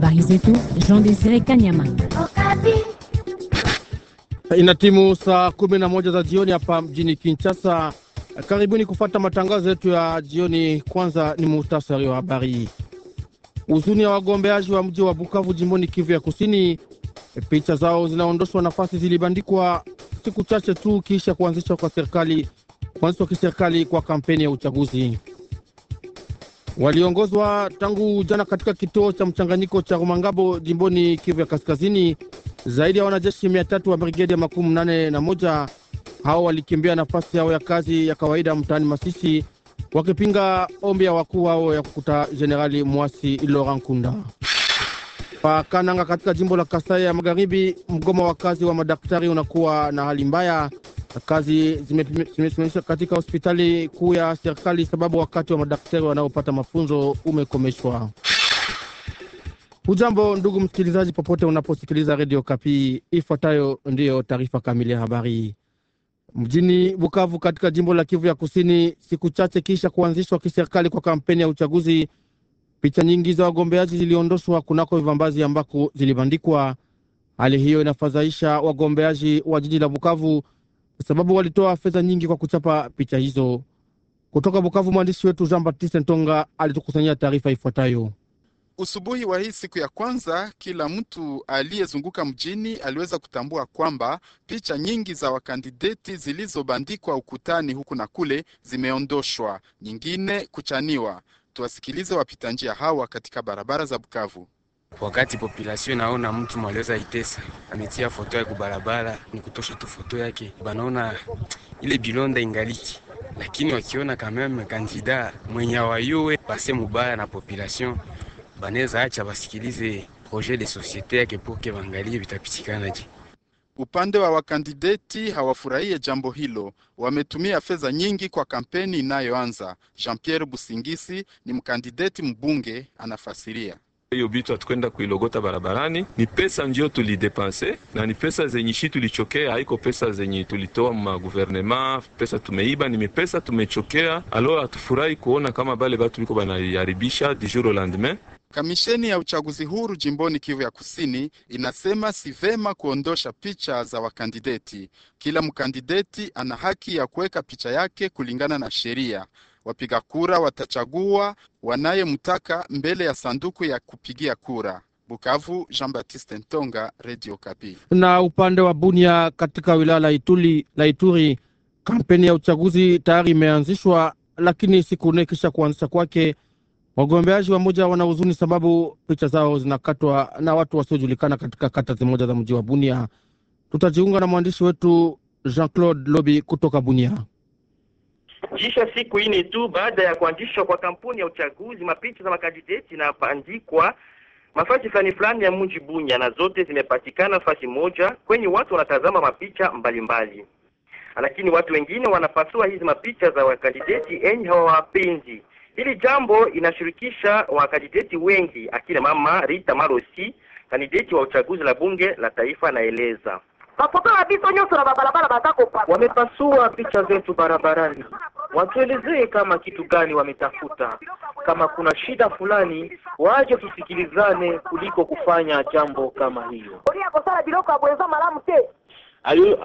Habari zetu Jean Desire Kanyama. Ina timu saa kumi na moja za jioni hapa mjini Kinshasa. Karibuni kufata matangazo yetu ya jioni. Kwanza ni muhtasari wa habari. Huzuni ya wagombeaji wa mji wa Bukavu jimboni Kivu ya Kusini, picha zao zinaondoshwa, nafasi zilibandikwa siku chache tu kisha kuanzishwa kwa serikali kuanzishwa kiserikali kwa kampeni ya uchaguzi waliongozwa tangu jana katika kituo cha mchanganyiko cha Rumangabo jimboni Kivu ya Kaskazini. Zaidi ya wanajeshi mia tatu wa brigedi ya makumi nane na moja hao walikimbia nafasi yao ya kazi ya kawaida mtaani Masisi wakipinga ombi ya wakuu wao ya kukuta Jenerali Mwasi Ilora kunda Pakananga katika jimbo la Kasai ya Magharibi, mgomo wa kazi wa madaktari unakuwa na hali mbaya. Kazi zimesimamishwa katika hospitali kuu ya serikali sababu wakati wa madaktari wanaopata mafunzo umekomeshwa. Ujambo ndugu msikilizaji, popote unaposikiliza redio Kapi, ifuatayo ndiyo taarifa kamili ya habari. Mjini Bukavu katika jimbo la Kivu ya Kusini, siku chache kisha kuanzishwa kiserikali kwa kampeni ya uchaguzi, picha nyingi za wagombeaji ziliondoshwa kunako vivambazi ambako zilibandikwa. Hali hiyo inafadhaisha wagombeaji wa jiji la Bukavu kwa sababu walitoa fedha nyingi kwa kuchapa picha hizo. Kutoka Bukavu, mwandishi wetu Jean Baptiste Ntonga alitukusanyia taarifa ifuatayo. Usubuhi wa hii siku ya kwanza, kila mtu aliyezunguka mjini aliweza kutambua kwamba picha nyingi za wakandideti zilizobandikwa ukutani huku na kule zimeondoshwa, nyingine kuchaniwa. Tuwasikilize wapita njia hawa katika barabara za Bukavu wakati population naona mtu mwaliweza itesa ametia foto yake kubarabara, ni kutosha tu foto yake, banaona ile bilonda ingaliki. Lakini wakiona kama kameme kandida mwenye awayuwe pase mubaya na population, baneza acha basikilize projet de societe yake poke bangalie vitapitikanaje. Upande wa wakandideti hawafurahie jambo hilo, wametumia fedha nyingi kwa kampeni inayoanza. Jean Pierre Busingisi ni mkandideti mbunge, anafasiria hiyo vitu hatukwenda kuilogota barabarani. Ni pesa ndio tulidepanse na ni pesa zenye shi tulichokea, haiko pesa zenye tulitoa ma guvernema, pesa tumeiba, ni pesa tumechokea. Alo, hatufurahi kuona kama bale batu biko banaiharibisha du jour au lendemain. Kamisheni ya uchaguzi huru jimboni Kivu ya Kusini inasema si vema kuondosha picha za wakandideti. Kila mkandideti ana haki ya kuweka picha yake kulingana na sheria wapiga kura watachagua wanayemtaka mbele ya sanduku ya kupigia kura. Bukavu, Jean-Baptiste Ntonga, Radio Kapi. Na upande wa Bunia katika wilaya la Ituri, la Ituri, kampeni ya uchaguzi tayari imeanzishwa, lakini siku nne kisha kuanzisha kwake wagombeaji wamoja wana huzuni sababu picha zao zinakatwa na watu wasiojulikana katika kata zimoja za mji wa Bunia. Tutajiunga na mwandishi wetu Jean-Claude Lobi kutoka Bunia jisha siku ine tu baada ya kuandishwa kwa kampuni ya uchaguzi, mapicha za makandideti inapandikwa mafasi fulani fulani ya mji Bunya, na zote zimepatikana fasi moja kwenye watu wanatazama mapicha mbalimbali mbali. Lakini watu wengine wanapasua hizi mapicha za wakandideti enyi hawawapenzi. Hili jambo inashirikisha wakandideti wengi, akina mama Rita Marosi, kandideti wa uchaguzi la bunge la taifa, anaeleza mafoto kabisa nyuso na babarabara batakopata. Wamepasua picha zetu barabarani, watuelezee kama kitu gani wametafuta. Kama kuna shida fulani, waje tusikilizane kuliko kufanya jambo kama hiyo.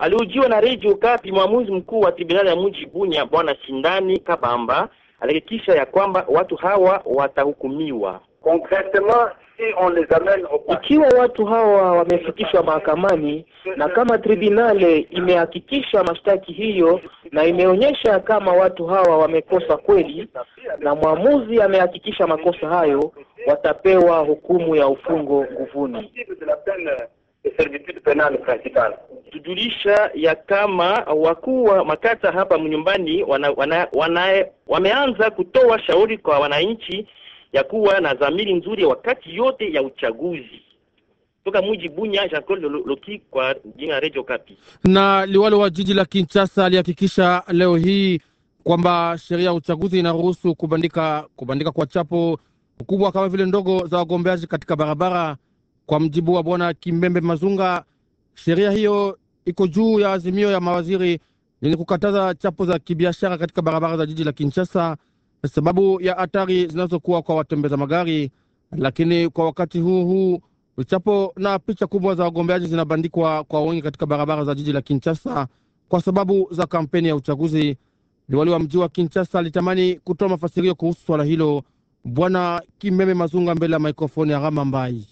aliojiwa na redio Kapi, mwamuzi mkuu wa tribunali ya mji Bunya, bwana Shindani Kabamba alihakikisha ya kwamba watu hawa watahukumiwa. Ikiwa watu hawa wamefikishwa mahakamani na kama tribunale imehakikisha mashtaki hiyo na imeonyesha kama watu hawa wamekosa kweli na mwamuzi amehakikisha makosa hayo, watapewa hukumu ya ufungo nguvuni. Tujulisha ya kama wakuu wa makata hapa mnyumbani wana, wana, wana, wameanza kutoa shauri kwa wananchi ya kuwa na dhamiri nzuri wakati yote ya uchaguzi. Toka mji Bunya, Jean Claude Loki kwa jina Radio Kapi. Na liwalo wa jiji la Kinshasa alihakikisha leo hii kwamba sheria ya uchaguzi inaruhusu kubandika kubandika kwa chapo kubwa kama vile ndogo za wagombeaji katika barabara. Kwa mjibu wa bwana Kimbembe Mazunga, sheria hiyo iko juu ya azimio ya mawaziri yenye kukataza chapo za kibiashara katika barabara za jiji la Kinshasa sababu ya hatari zinazokuwa kwa watembeza magari. Lakini kwa wakati huu huu uchapo na picha kubwa za wagombeaji zinabandikwa kwa wengi katika barabara za jiji la Kinshasa kwa sababu za kampeni ya uchaguzi. Liwali wa mji wa Kinshasa alitamani kutoa mafasirio kuhusu swala hilo. Bwana Kimeme Mazunga mbele ya mikrofoni ya Rama Mbai.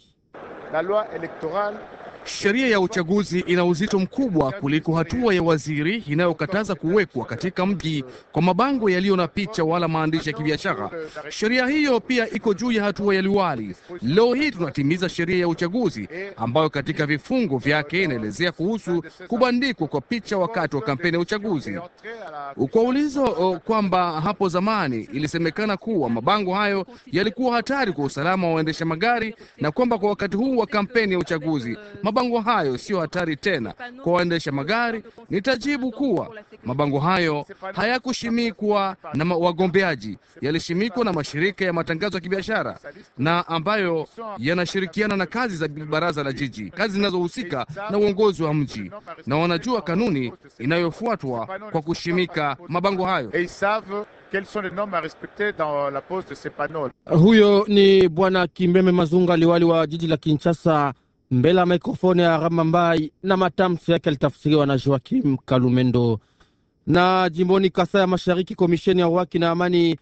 Sheria ya uchaguzi ina uzito mkubwa kuliko hatua ya waziri inayokataza kuwekwa katika mji kwa mabango yaliyo na picha wala maandishi ya kibiashara. Sheria hiyo pia iko juu ya hatua ya liwali. Leo hii tunatimiza sheria ya uchaguzi ambayo katika vifungu vyake inaelezea kuhusu kubandikwa kwa picha wakati wa kampeni ya uchaguzi. Kwa ulizo kwamba hapo zamani ilisemekana kuwa mabango hayo yalikuwa hatari kwa usalama wa waendesha magari na kwamba kwa wakati huu wa kampeni ya uchaguzi mabango hayo siyo hatari tena kwa waendesha magari, nitajibu kuwa mabango hayo hayakushimikwa na wagombeaji, yalishimikwa na mashirika ya matangazo ya kibiashara na ambayo yanashirikiana na kazi za baraza la jiji, kazi zinazohusika na uongozi wa mji, na wanajua kanuni inayofuatwa kwa kushimika mabango hayo. Huyo ni Bwana Kimbeme Mazunga, liwali wa jiji la Kinshasa mbele ya mikrofoni ya Ramambai na matamshi yake alitafsiriwa na Joakim Kalumendo. Na jimboni Kasa ya Mashariki, komisheni ya haki na amani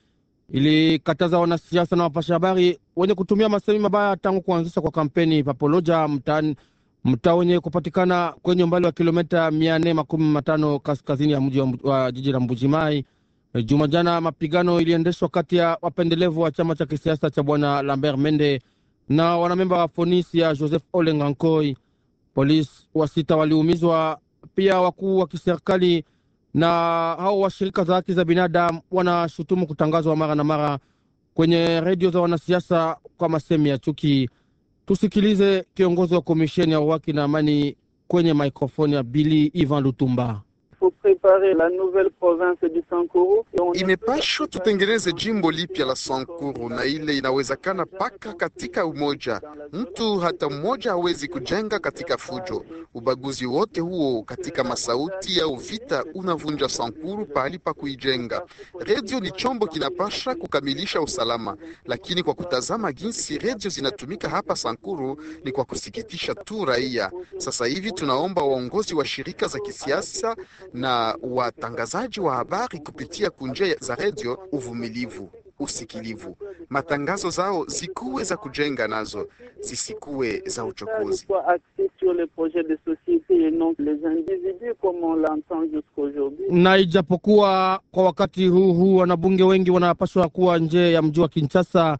ilikataza wanasiasa na wapasha habari wenye kutumia masemi mabaya tangu kuanzisha kwa kampeni papoloja mtaani mtaa wenye kupatikana kwenye umbali wa kilomita mia nne makumi matano kaskazini ya mji wa jiji la Mbujimai. jumajana mapigano iliendeshwa kati ya wapendelevu wa chama cha kisiasa cha bwana Lambert Mende na wanamemba wa ya Joseph Olengankoi. Polisi sita waliumizwa pia, wakuu wa kiserikali na hao washirika za haki za binadamu wanashutumu kutangazwa mara na mara kwenye redio za wanasiasa kwa masemi ya chuki. Tusikilize kiongozi wa komisheni ya uhaki na amani kwenye mikrofoni ya Bili Ivan Lutumba pour préparer la nouvelle province du Sankuru. Imepashwa tutengeneze jimbo lipya la Sankuru na ile inawezekana paka katika umoja. Mtu hata mmoja hawezi kujenga katika fujo. Ubaguzi wote huo katika masauti au vita unavunja Sankuru pahali pa kuijenga. Redio ni chombo kinapasha kukamilisha usalama, lakini kwa kutazama jinsi redio zinatumika hapa Sankuru ni kwa kusikitisha tu raia. Sasa hivi tunaomba waongozi wa shirika za kisiasa na watangazaji wa habari kupitia kunjia za redio, uvumilivu, usikilivu, matangazo zao zikuwe za kujenga, nazo zisikuwe za uchokozi. Na ijapokuwa kwa wakati huu huu wanabunge wengi wanapaswa kuwa nje ya mji wa Kinshasa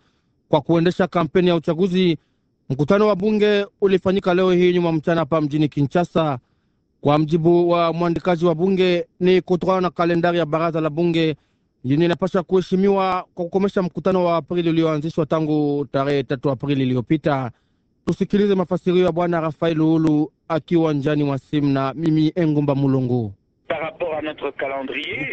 kwa kuendesha kampeni ya uchaguzi, mkutano wa bunge ulifanyika leo hii nyuma mchana hapa mjini Kinshasa. Kwa mjibu wa mwandikaji wa bunge, ni kutokana na kalendari ya baraza la bunge yenye inapaswa kuheshimiwa kwa kukomesha mkutano wa Aprili ulioanzishwa tangu tarehe tatu Aprili iliyopita. Tusikilize mafasirio ya bwana Rafael Uhulu akiwa njani mwa simu na mimi Engumba Mulungu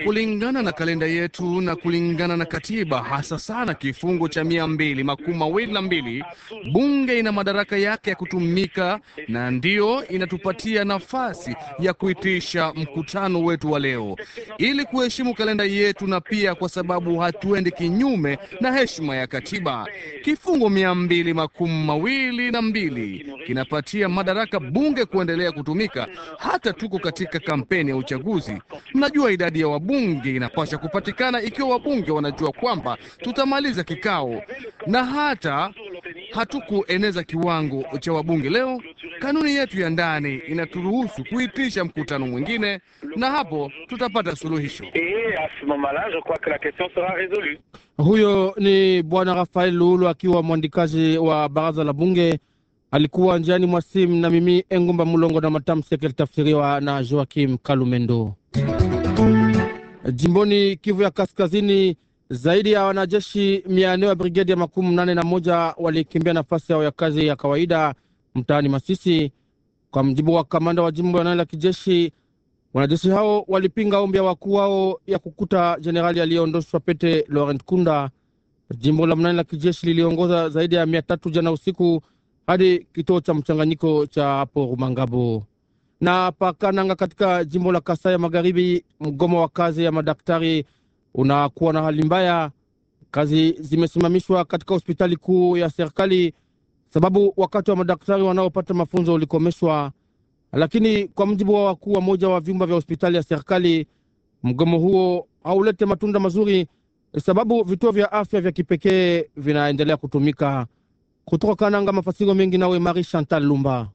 kulingana na kalenda yetu na kulingana na katiba, hasa sana kifungu cha mia mbili makumi mawili na mbili, bunge ina madaraka yake ya kutumika, na ndiyo inatupatia nafasi ya kuitisha mkutano wetu wa leo ili kuheshimu kalenda yetu, na pia kwa sababu hatuendi kinyume na heshima ya katiba, kifungu mia mbili makumi mawili na mbili kinapatia madaraka bunge kuendelea kutumika hata tuko katika kampeni ya uchaguzi. Mnajua idadi ya wabunge inapasha kupatikana ikiwa wabunge wanajua kwamba tutamaliza kikao, na hata hatukueneza kiwango cha wabunge leo. Kanuni yetu ya ndani inaturuhusu kuitisha mkutano mwingine, na hapo tutapata suluhisho. Huyo ni Bwana Rafael Luulu akiwa mwandikazi wa baraza la bunge alikuwa njiani mwa simu na mimi Engumba Mulongo, na matamshi alitafsiriwa na Joakim Kalumendo. Jimboni Kivu ya Kaskazini, zaidi ya wanajeshi mia nne wa brigedi ya makumi nane na moja walikimbia nafasi yao ya kazi ya kawaida mtaani Masisi. Kwa mjibu wa kamanda wa jimbo la kijeshi, wanajeshi hao walipinga ombi ya wakuu wao ya kukuta jenerali aliyeondoshwa Pete Laurent Kunda. Jimbo la mnane la kijeshi liliongoza zaidi ya mia tatu jana usiku hadi kituo cha mchanganyiko cha hapo Rumangabo na pakananga katika jimbo la Kasai ya Magharibi. Mgomo wa kazi ya madaktari unakuwa na hali mbaya. Kazi zimesimamishwa katika hospitali kuu ya serikali sababu wakati wa madaktari wanaopata mafunzo ulikomeshwa. Lakini kwa mjibu wa wakuu wa moja wa vyumba vya hospitali ya serikali, mgomo huo haulete matunda mazuri sababu vituo vya afya vya kipekee vinaendelea kutumika. Kutoka Kananga, mafasiro mengi nawe Marie Chantal Lumba.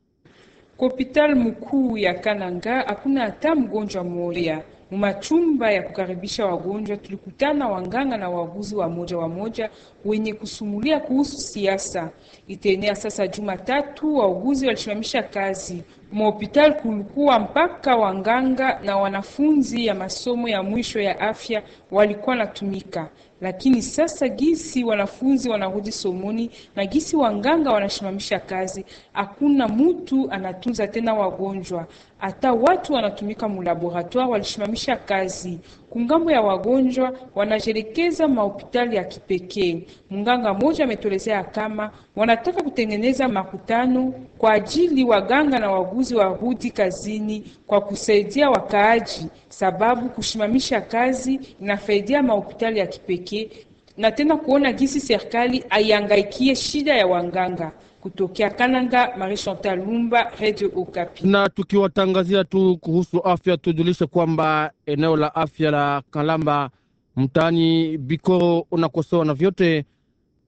Hospitali mkuu ya Kananga hakuna hata mgonjwa mmoja. Mumachumba ya kukaribisha wagonjwa tulikutana wanganga na wauguzi wa moja wa moja wenye kusumulia kuhusu siasa itaenea sasa. Jumatatu wauguzi walisimamisha kazi, Mhopital kulikuwa mpaka wanganga na wanafunzi ya masomo ya mwisho ya afya walikuwa natumika, lakini sasa gisi wanafunzi wanarudi somoni na gisi wanganga wanasimamisha kazi, hakuna mtu anatunza tena wagonjwa. Hata watu wanatumika mulaboratoire walishimamisha kazi. Kungambo ya wagonjwa wanajelekeza mahopitali ya kipekee. Mganga mmoja ametolezea kama wanataka kutengeneza makutano kwa ajili waganga na wagu wa warudi kazini kwa kusaidia wakaaji, sababu kushimamisha kazi inafaidia mahopitali ya kipekee na tena kuona gisi serikali aiangaikie shida ya wanganga. Kutokea Kananga, Marie Chantal Lumba, Radio Okapi. Na tukiwatangazia tu kuhusu afya, tujulishe kwamba eneo la afya la Kalamba mtaani Bikoro unakosewa na vyote.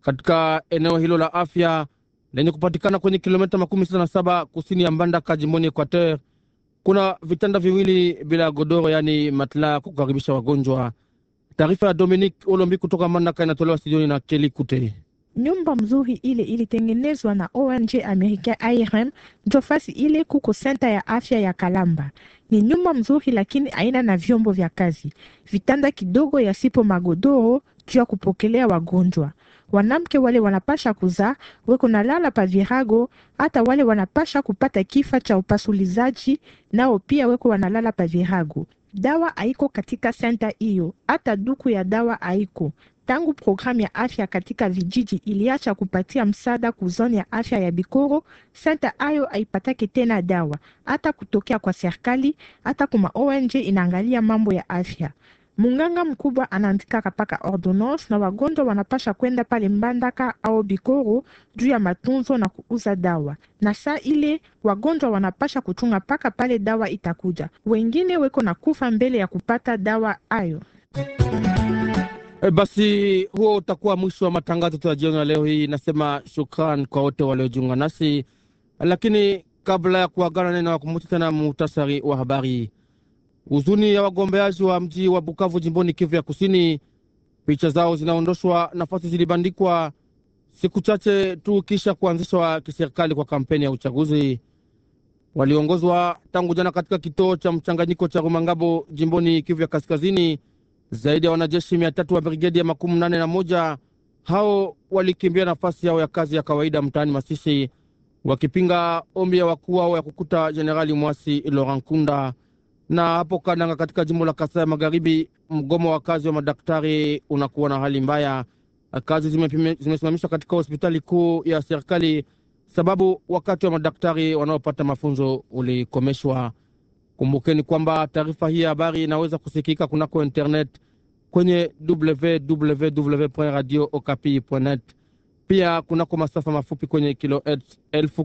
Katika eneo hilo la afya lenye kupatikana kwenye kilomita makumi sita na saba kusini ya Mbandaka jimboni Equateur. Kuna vitanda viwili bila godoro, yaani matla kwa kukaribisha wagonjwa. Taarifa ya Dominique Olombi kutoka Mbandaka inatolewa studioni na Keli Kute. Nyumba mzuri ile ilitengenezwa na ONG Amerika IRM, ndio fasi ile kuko senta ya afya ya Kalamba. Ni nyumba mzuri lakini aina na vyombo vya kazi, vitanda kidogo yasipo magodoro juu ya kupokelea wagonjwa Wanamke wale wanapasha kuzaa, weko na lala pa virago, hata wale wanapasha kupata kifa cha upasulizaji, nao pia weko wanalala pa virago. Dawa haiko katika senta hiyo, hata duku ya dawa haiko. Tangu programu ya afya katika vijiji iliacha kupatia msaada kuzoni ya afya ya Bikoro, senta ayo haipatake tena dawa hata kutokea kwa serikali, hata kuma ONG inaangalia mambo ya afya. Munganga mkubwa anaandikaka paka ordonnance na wagonjwa wanapasha kwenda pale Mbandaka au Bikoro juu ya matunzo na kuuza dawa, na saa ile wagonjwa wanapasha kuchunga paka pale dawa itakuja. Wengine weko na kufa mbele ya kupata dawa ayo. E, basi huo utakuwa mwisho wa matangazo ya jioni ya leo hii. Nasema shukran kwa wote waliojiunga nasi, lakini kabla ya kuagana, nena wakumbuti tena muhtasari wa habari huzuni ya wagombeaji wa mji wa Bukavu jimboni Kivu ya Kusini. Picha zao zinaondoshwa, nafasi zilibandikwa siku chache tu kisha kuanzishwa kiserikali kwa kampeni ya uchaguzi. Waliongozwa tangu jana katika kituo cha mchanganyiko cha Rumangabo jimboni Kivu ya Kaskazini. Zaidi ya wanajeshi mia tatu wa brigedi ya makumi nane na moja hao walikimbia nafasi yao ya kazi ya kawaida mtaani Masisi wakipinga ombi ya wakuu hao ya kukuta jenerali mwasi Laurent Kunda na hapo Kananga katika jimbo la Kasai ya Magharibi, mgomo wa kazi wa madaktari unakuwa na hali mbaya. Kazi zimesimamishwa katika hospitali kuu ya serikali sababu wakati wa madaktari wanaopata mafunzo ulikomeshwa. Kumbukeni kwamba taarifa hii ya habari inaweza kusikika kunako internet kwenye www pia kunako masafa mafupi kwenye kilohertz elfu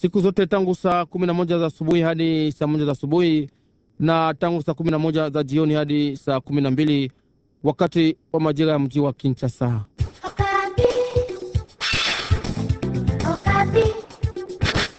siku zote tangu saa kumi na moja za asubuhi hadi saa moja za asubuhi na tangu saa kumi na moja za jioni hadi saa kumi na mbili wakati wa majira ya mji wa Kinshasa.